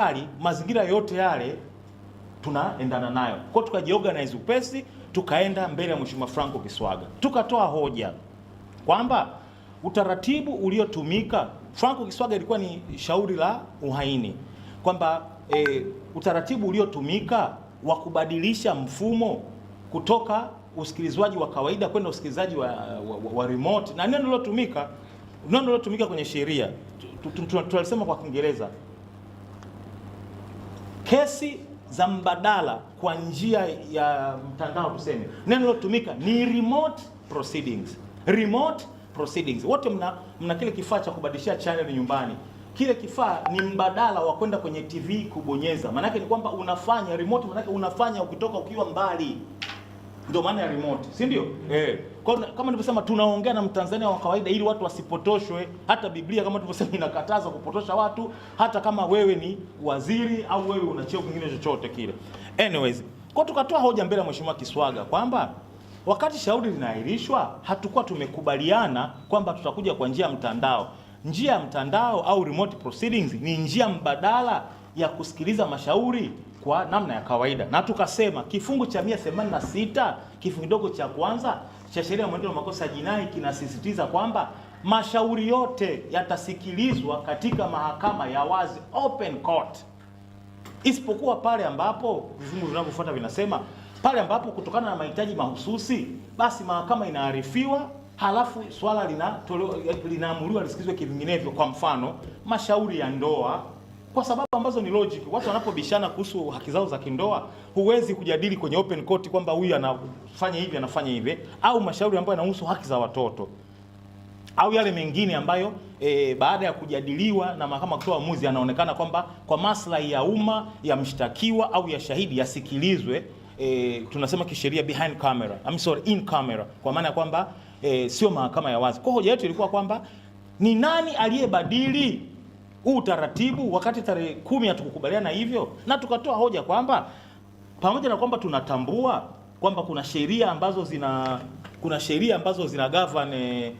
hali mazingira yote yale tunaendana nayo kwao, tukajiorganize upesi, tukaenda mbele ya Mheshimiwa Franco Kiswaga tukatoa hoja kwamba utaratibu uliotumika. Franco Kiswaga ilikuwa ni shauri la uhaini kwamba e, utaratibu uliotumika wa kubadilisha mfumo kutoka usikilizwaji wa kawaida kwenda usikilizaji wa, wa, wa, wa remote na neno lilotumika neno lilotumika kwenye sheria tunalisema kwa Kiingereza kesi za mbadala kwa njia ya mtandao, tuseme neno lilotumika ni remote proceedings. Remote proceedings, wote mna, mna kile kifaa cha kubadilishia channel nyumbani. Kile kifaa ni mbadala wa kwenda kwenye TV kubonyeza. Maanake ni kwamba unafanya remote, maanake unafanya ukitoka ukiwa mbali ndio maana ya remote, si ndio? Eh, kwa kama nilivyosema, tunaongea na Mtanzania wa kawaida ili watu wasipotoshwe. Hata Biblia kama tulivyosema inakataza kupotosha watu, hata kama wewe ni waziri au wewe una cheo kingine chochote kile. Anyways, kwa tukatoa hoja mbele ya Mheshimiwa Kiswaga kwamba wakati shauri linaahirishwa hatukuwa tumekubaliana kwamba tutakuja kwa njia ya mtandao. Njia ya mtandao au remote proceedings ni njia mbadala ya kusikiliza mashauri kwa namna ya kawaida, na tukasema kifungu cha 186 kifungu kidogo cha kwanza cha sheria ya mwenendo wa makosa ya jinai kinasisitiza kwamba mashauri yote yatasikilizwa katika mahakama ya wazi open court, isipokuwa pale ambapo vifungu vinavyofuata vinasema pale ambapo kutokana na mahitaji mahususi basi mahakama inaarifiwa, halafu swala linaamuliwa lina lisikizwe kivinginevyo. Kwa mfano mashauri ya ndoa kwa sababu ambazo ni logic. Watu wanapobishana kuhusu haki zao za kindoa, huwezi kujadili kwenye open court kwamba huyu anafanya hivi anafanya hivi, au mashauri ambayo yanahusu haki za watoto au yale mengine ambayo e, baada ya kujadiliwa na mahakama kutoa uamuzi, anaonekana kwamba kwa maslahi ya umma ya mshtakiwa au ya shahidi yasikilizwe. E, tunasema kisheria behind camera. I'm sorry, in camera kwa maana ya kwamba e, sio mahakama ya wazi. Kwa hoja yetu ilikuwa kwamba ni nani aliyebadili huu utaratibu, wakati tarehe kumi hatukukubaliana hivyo, na tukatoa hoja kwamba pamoja na kwamba tunatambua kwamba kuna sheria ambazo zina kuna sheria ambazo zina govern eh, eh,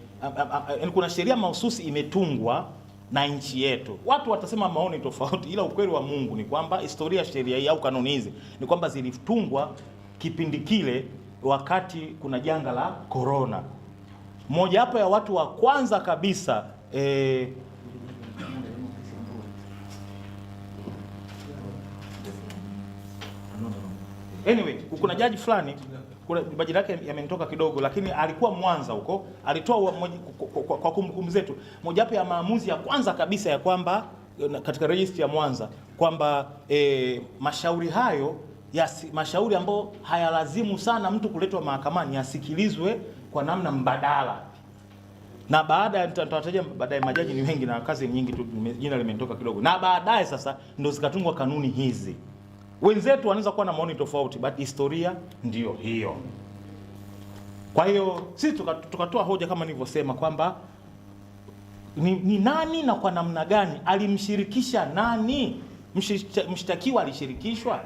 eh, kuna sheria mahususi imetungwa na nchi yetu. Watu watasema maoni tofauti, ila ukweli wa Mungu ni kwamba historia sheria hii au kanuni hizi ni kwamba zilitungwa kipindi kile wakati kuna janga la corona. hapo ya watu wa kwanza kabisa e, Anyway, kuna jaji fulani majina yake yamenitoka kidogo, lakini alikuwa Mwanza huko, alitoa kwa kumbukumbu zetu mojawapo ya maamuzi ya kwanza kabisa ya kwamba katika rejistri ya Mwanza kwamba e, mashauri hayo yasi, mashauri ambayo hayalazimu sana mtu kuletwa mahakamani yasikilizwe kwa namna mbadala na baada nitawataja baadaye, majaji ni wengi na kazi nyingi tu, jina limetoka kidogo. Na baadaye sasa ndo zikatungwa kanuni hizi. Wenzetu wanaweza kuwa na maoni tofauti, but historia ndiyo hiyo. Kwa hiyo sisi tukatoa tuka hoja kama nilivyosema kwamba ni, ni nani na kwa namna gani alimshirikisha nani? Mshtakiwa alishirikishwa,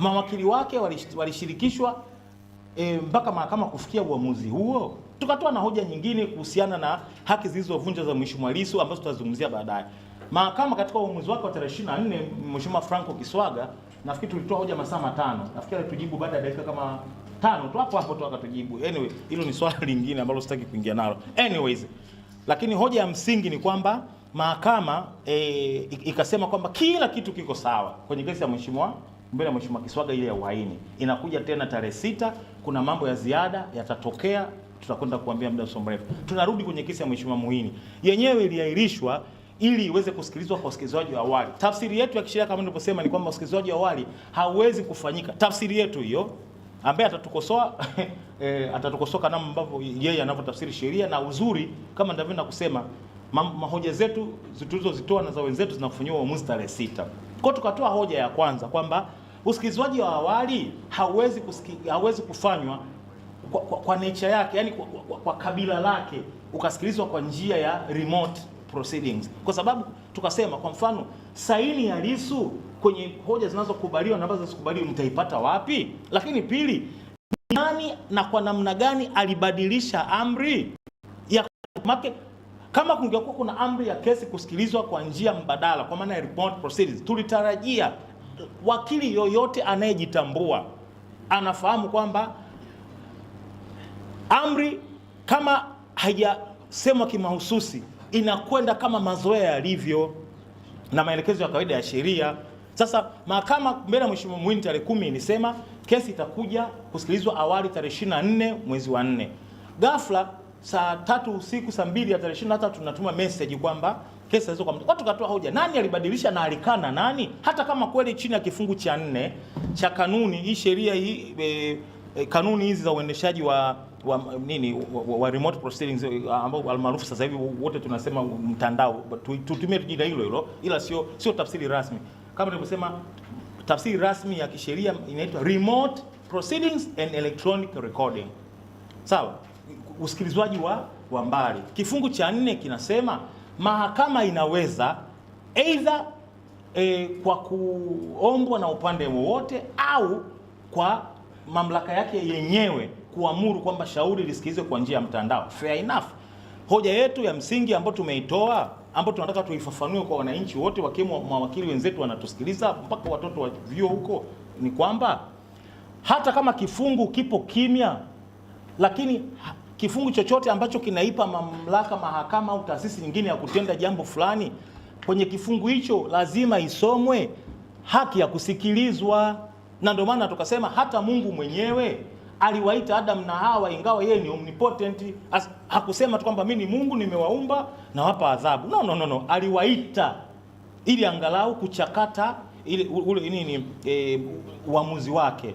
mawakili wake walishirikishwa e, mpaka mahakama kufikia uamuzi huo. Tukatoa na hoja nyingine kuhusiana na haki zilizovunja za Mheshimiwa Lissu ambazo tutazungumzia baadaye. Mahakama katika uamuzi wake wa tarehe 24 Mheshimiwa Franco Kiswaga nafikiri tulitoa hoja masaa matano, nafikiri alitujibu baada ya dakika kama tano tu hapo hapo tu akatujibu. Anyway, hilo ni swala lingine ambalo sitaki kuingia nalo. Anyways, lakini hoja ya msingi ni kwamba mahakama e, ikasema kwamba kila kitu kiko sawa kwenye kesi ya mheshimiwa mbele ya mheshimiwa Kiswaga ile ya uhaini inakuja tena tarehe sita. Kuna mambo ya ziada yatatokea, tutakwenda kuambia muda usio mrefu. Tunarudi kwenye kesi ya mheshimiwa Muhini, yenyewe iliahirishwa ili iweze kusikilizwa kwa wasikilizaji wa awali. Tafsiri yetu ya kisheria kama nilivyosema ni kwamba usikilizaji wa awali hauwezi kufanyika, tafsiri yetu hiyo ambaye atatukosoa e, atatukosoa kama ambavyo yeye anavyotafsiri sheria, na uzuri kama ndivyo kusema ma, mahoja zetu tulizozitoa na za wenzetu zinafanyiwa uamuzi tarehe sita. Kwa tukatoa hoja ya kwanza kwamba usikilizwaji wa awali hauwezi hauwezi kufanywa kwa, kwa, kwa nature yake, yani kwa, kwa, kwa kabila lake ukasikilizwa kwa njia ya remote proceedings, kwa sababu tukasema, kwa mfano saini ya Lissu kwenye hoja zinazokubaliwa na ambazo zikubaliwa mtaipata wapi? Lakini pili, nani na kwa namna gani alibadilisha amri ya make kama kungekuwa kuna amri ya kesi kusikilizwa kwa njia mbadala, kwa maana ya remote proceedings, tulitarajia wakili yoyote anayejitambua anafahamu kwamba amri kama haijasemwa kimahususi inakwenda kama mazoea yalivyo na maelekezo ya kawaida ya sheria. Sasa mahakama mbele ya Mheshimiwa mwini tarehe kumi ilisema kesi itakuja kusikilizwa awali tarehe 24 mwezi wa nne Ghafla saa tatu usiku saa mbili ya tarehe 23 tunatuma message kwamba kesi hizo kwa mtu. Watu katoa hoja, nani alibadilisha na alikana nani? Hata kama kweli chini ya kifungu cha nne cha kanuni hii sheria hii e, Eh, kanuni hizi za uendeshaji wa wa nini wa, wa remote proceedings eh, ambao almaarufu sasa hivi wote tunasema mtandao, tutumie jina hilo hilo, ila sio sio tafsiri rasmi. Kama nilivyosema, tafsiri rasmi ya kisheria inaitwa remote proceedings and electronic recording, sawa, usikilizwaji wa wa mbali. Kifungu cha nne kinasema mahakama inaweza either eh, kwa kuombwa na upande wowote au kwa mamlaka yake yenyewe kuamuru kwamba shauri lisikilizwe kwa njia ya mtandao. Fair enough. Hoja yetu ya msingi ambayo tumeitoa ambayo tunataka tuifafanue kwa wananchi wote, wakiwemo mawakili wenzetu wanatusikiliza, mpaka watoto wa vyuo huko, ni kwamba hata kama kifungu kipo kimya, lakini kifungu chochote ambacho kinaipa mamlaka mahakama au taasisi nyingine ya kutenda jambo fulani, kwenye kifungu hicho lazima isomwe haki ya kusikilizwa na ndio maana tukasema hata Mungu mwenyewe aliwaita Adam na Hawa, ingawa yeye ni omnipotent. hakusema tu kwamba mimi ni Mungu nimewaumba na wapa adhabu. No, no, no, no. Aliwaita ili angalau kuchakata ili ule nini e, uamuzi wake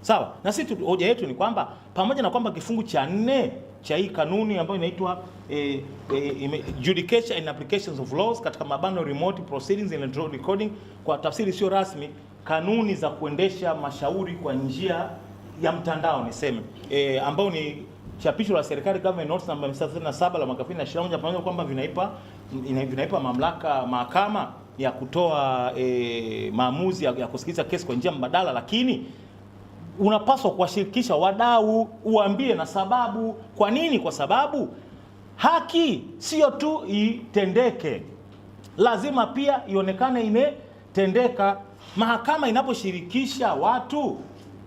sawa. Na sisi hoja yetu ni kwamba pamoja na kwamba kifungu cha nne cha hii kanuni ambayo inaitwa e, e, Judicature and Applications of Laws katika mabano remote proceedings and electronic recording, kwa tafsiri sio rasmi kanuni za kuendesha mashauri kwa njia ya mtandao niseme e, ambao ni chapisho la serikali government notes namba 37 la mwaka 2021 pamoja kwamba vinaipa vinaipa mamlaka mahakama ya kutoa e, maamuzi ya, ya kusikiliza kesi kwa njia mbadala, lakini unapaswa kuwashirikisha wadau, uambie na sababu. Kwa nini? Kwa sababu haki sio tu itendeke, lazima pia ionekane imetendeka. Mahakama inaposhirikisha watu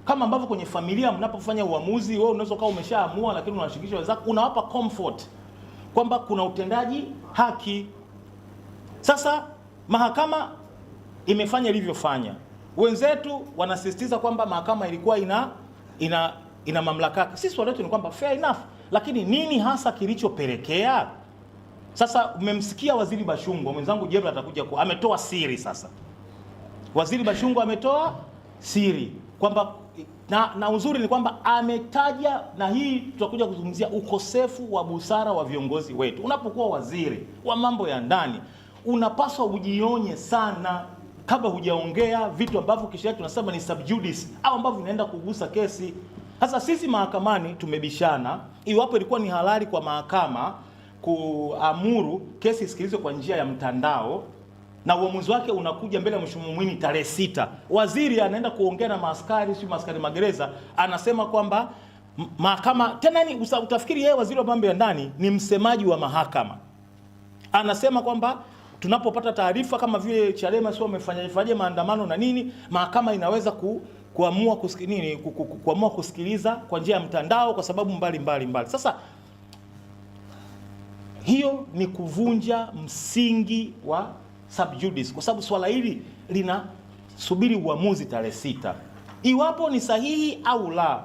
kama ambavyo kwenye familia mnapofanya uamuzi, wewe unaweza kuwa umeshaamua, lakini unashirikisha wenzako, unawapa comfort kwamba kuna utendaji haki. Sasa mahakama imefanya ilivyofanya. Wenzetu wanasisitiza kwamba mahakama ilikuwa ina ina, ina mamlaka. Sisi swali letu ni kwamba fair enough, lakini nini hasa kilichopelekea? Sasa umemsikia Waziri Bashungwa, mwenzangu Jebra atakuja, ametoa siri sasa Waziri Bashungwa ametoa siri kwamba na, na uzuri ni kwamba ametaja, na hii tutakuja kuzungumzia ukosefu wa busara wa viongozi wetu. Unapokuwa waziri wa mambo ya ndani, unapaswa ujionye sana kabla hujaongea vitu ambavyo kisha tunasema ni sub judice au ambavyo vinaenda kugusa kesi. Sasa sisi mahakamani tumebishana iwapo ilikuwa ni halali kwa mahakama kuamuru kesi isikilizwe kwa njia ya mtandao na uamuzi wake unakuja mbele ya mheshimiwa Mwinyi tarehe sita. Waziri anaenda kuongea na maaskari, si maaskari magereza, anasema kwamba mahakama tena ni utafikiri yeye waziri wa mambo ya ndani ni msemaji wa mahakama, anasema kwamba tunapopata taarifa kama vile Chadema sio ifaje maandamano na nini, mahakama inaweza ku, kuamua kusikiliza, nini, ku, ku, ku, kuamua kusikiliza kwa njia ya mtandao kwa sababu mbali mbali, mbali. Sasa hiyo ni kuvunja msingi wa sub judice, kwa sababu swala hili linasubiri uamuzi tarehe sita iwapo ni sahihi au la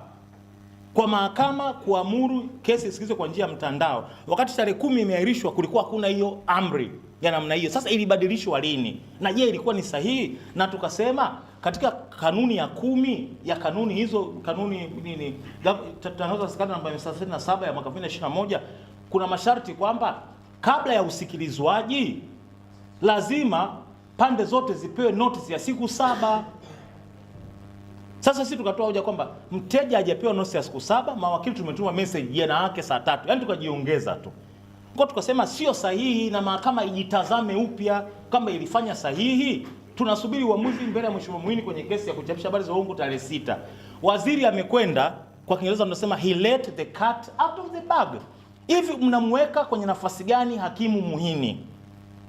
kwa mahakama kuamuru kesi isikilizwe kwa njia ya mtandao. Wakati tarehe kumi imeahirishwa, kulikuwa hakuna hiyo amri ya namna hiyo. Sasa ilibadilishwa lini? Na je, ilikuwa ni sahihi? Na tukasema katika kanuni ya kumi ya kanuni hizo kanuni nini, tangazo la serikali namba 37 ya mwaka 2021 kuna masharti kwamba kabla ya usikilizwaji lazima pande zote zipewe notice ya siku saba. Sasa sisi tukatoa hoja kwamba mteja hajapewa notice ya siku saba, mawakili tumetuma message yana yake saa tatu, yaani tukajiongeza tu kwa tukasema sio sahihi, na mahakama ijitazame upya kama ilifanya sahihi. Tunasubiri uamuzi mbele ya mheshimiwa Mwini kwenye kesi ya kuchapisha habari za uongo tarehe sita. Waziri amekwenda, kwa Kiingereza tunasema he let the cat out of the bag. Hivi mnamweka kwenye nafasi gani hakimu Muhini?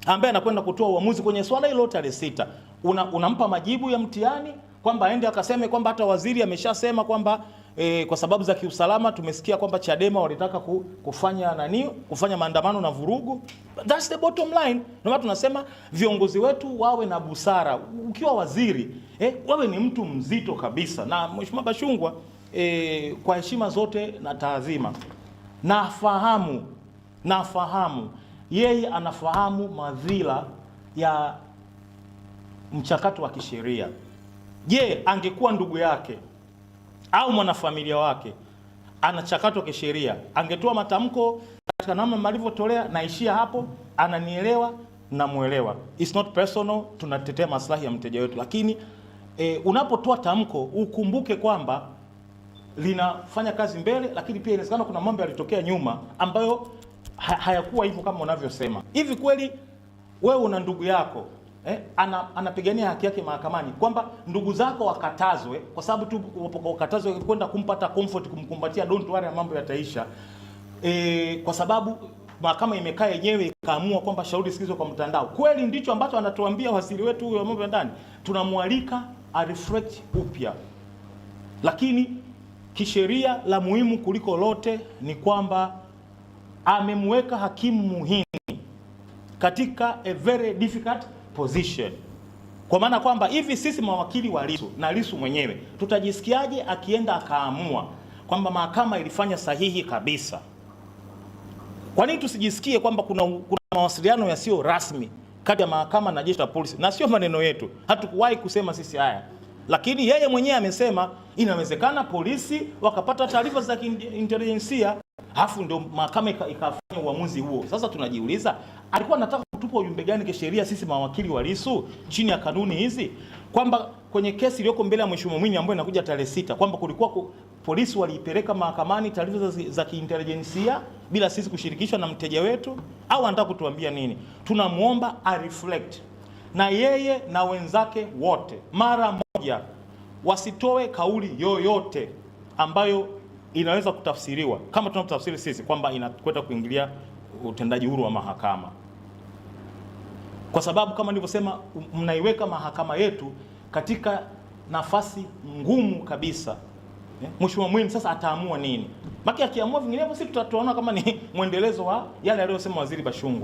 ambaye anakwenda kutoa uamuzi kwenye swala hilo tarehe sita, unampa una majibu ya mtihani kwamba aende akaseme kwamba hata waziri ameshasema kwamba e, kwa sababu za kiusalama tumesikia kwamba Chadema walitaka kufanya nani, kufanya maandamano na vurugu. That's the bottom line. Ndio tunasema viongozi wetu wawe na busara. Ukiwa waziri eh, wawe ni mtu mzito kabisa. Na Mheshimiwa Bashungwa eh, kwa heshima zote na taadhima, nafahamu nafahamu yeye anafahamu madhila ya mchakato wa kisheria. Je, angekuwa ndugu yake au mwanafamilia wake anachakatwa kisheria, angetoa matamko katika namna alivyotolea, naishia hapo, ananielewa, namwelewa, it's not personal, tunatetea maslahi ya mteja wetu. Lakini e, unapotoa tamko ukumbuke kwamba linafanya kazi mbele, lakini pia inawezekana kuna mambo yalitokea nyuma ambayo hayakuwa hivyo kama unavyosema. Hivi kweli wewe una ndugu yako eh, ana, anapigania haki yake mahakamani kwamba ndugu zako wakatazwe kwa sababu tu wakatazwe kwenda kumpata comfort, kumkumbatia don't worry, mambo yataisha eh, kwa sababu mahakama imekaa yenyewe ikaamua kwamba shauri sikizwe kwa mtandao. Kweli ndicho ambacho anatuambia waziri wetu huyo wa mambo ya ndani, tunamwalika areflect upya, lakini kisheria la muhimu kuliko lote ni kwamba amemweka hakimu muhimu katika a very difficult position, kwa maana kwamba hivi sisi mawakili wa Lissu na Lissu mwenyewe tutajisikiaje akienda akaamua kwamba mahakama ilifanya sahihi kabisa? Kwa nini tusijisikie kwamba kuna, kuna mawasiliano yasiyo rasmi kati ya mahakama na jeshi la polisi? Na sio maneno yetu, hatukuwahi kusema sisi haya, lakini yeye mwenyewe amesema inawezekana polisi wakapata taarifa za kiintelijensia Alafu ndio mahakama ikafanya uamuzi huo. Sasa tunajiuliza alikuwa anataka kutupa ujumbe gani kisheria sisi mawakili wa Lissu chini ya kanuni hizi kwamba kwenye kesi iliyoko mbele ya Mheshimiwa Mwinyi ambayo inakuja tarehe sita kwamba kulikuwa ku, polisi waliipeleka mahakamani taarifa za, za kiintelijensia bila sisi kushirikishwa na mteja wetu au anataka kutuambia nini? Tunamwomba a reflect na yeye na wenzake wote mara moja wasitoe kauli yoyote ambayo inaweza kutafsiriwa kama tunavyotafsiri sisi kwamba inakwenda kuingilia utendaji huru wa mahakama, kwa sababu kama nilivyosema, mnaiweka mahakama yetu katika nafasi ngumu kabisa. Eh, Mheshimiwa Mwinyi sasa ataamua nini? Maki akiamua vinginevyo, sisi tutaona kama ni mwendelezo wa yale aliyosema Waziri Bashungwa.